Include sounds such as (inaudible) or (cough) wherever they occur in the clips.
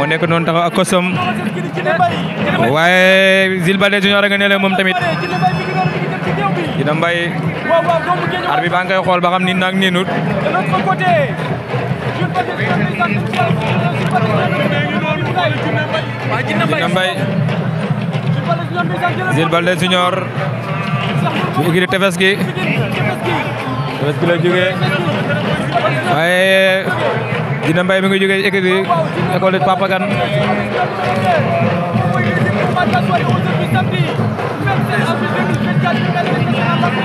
moo nekk noonu taxaw ak kosam waaye Zilbade Junior nga ne moom tamit dina baa ngay xool ba xam ni nag ninut dina mbay Zilbade Junior waaye dina mbay mi ngi jógee écurie école de Papa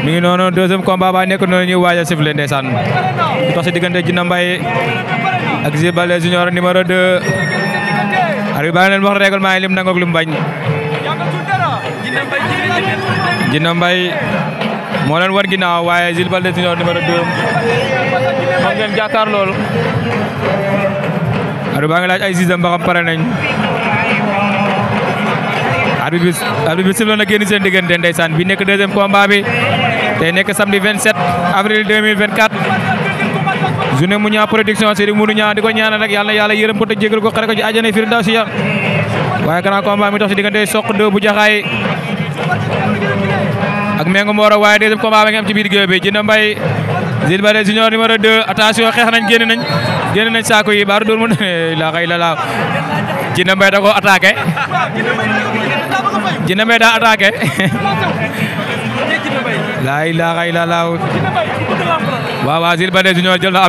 ngi noonu deuxième combat ba nekk noonu ñuy waaj a sifflé ndeysaan dox si diggante Dina Mbaye ak Jules Baldé junior numéro 2 arbitre baa ngi leen wax règlement yi lim nangu lim bañ Dina Mbaye moo leen war ginnaaw waaye Jules Baldé Junior numéro 2 moom jàkkaar lool arbitre baa ngi laaj ay sixième ba xam pare nañ arbitre bi arbitre bi sifflé na génn seen diggante ndeysaan bi nekk deuxième combat bi tey nekk samedi 27 avril 2024 journée mu ñaa production Serigne Modou Niang di ko ñaanal rek yàlla na yàlla yërëm ko te jégal ko xare ko ci àjjana firdawsiya waaye grand combat mi dox ci diggante Sokh 2 bu jaxaay ak Mengu Mboro waaye deuxième combat ba ngi am ci biir géew bi Djily Mbaye Djily Mbaye junior numéro 2 attention xeex nañ génn nañ génn nañ saako baaru dóor mu (laughs) (laughs) ngi noonu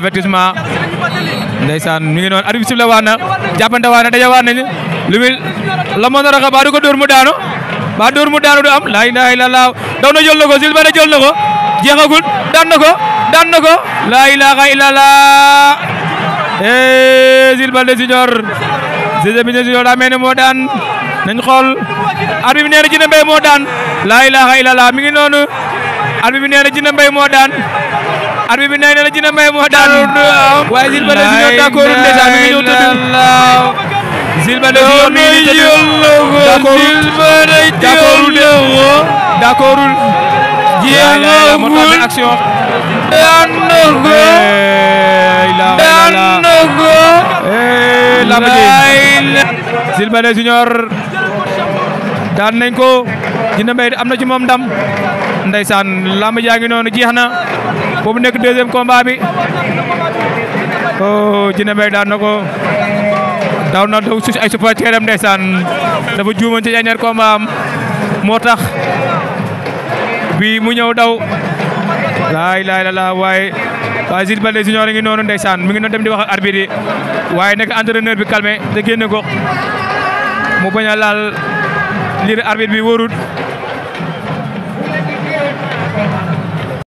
arbitre mu daanu ba dóor mu daanu du am laa ilaaha illallaah daw nako jël na ko Zilbane daan na ko daan na ko laa ilaaha illallaah eh Zilbane Junior Zilbane Junior daa moo daan xool arbitre bi na Djily Mbaye moo daan laa ilaaha illallaah mi ngi noonu arbitre bi nee daan arbitre bi nee na Djily Mbaye daan waaye Zilbane Junior d'accord ndeysaan mi d'accord d'accord ko eh, eh, ji Zilbane Junior nañ ko am na ci moom ndam ndeysaan lamba jaa noonu jeex na boobu nekk deuxième combat bi oh dina mbay ko daw na daw ay supporteram ndeysaan dafa juumoon ci dernier combat am moo tax bi mu ñëw daw laay laay la la waaye waaye Jules Baldé Junior ngi noonu ndeysaan mu ngi noonu dem di wax ak arbitre yi waaye nekk entraîneur bi calmé te génne ko mu bañ laal lire arbitre bi wóorut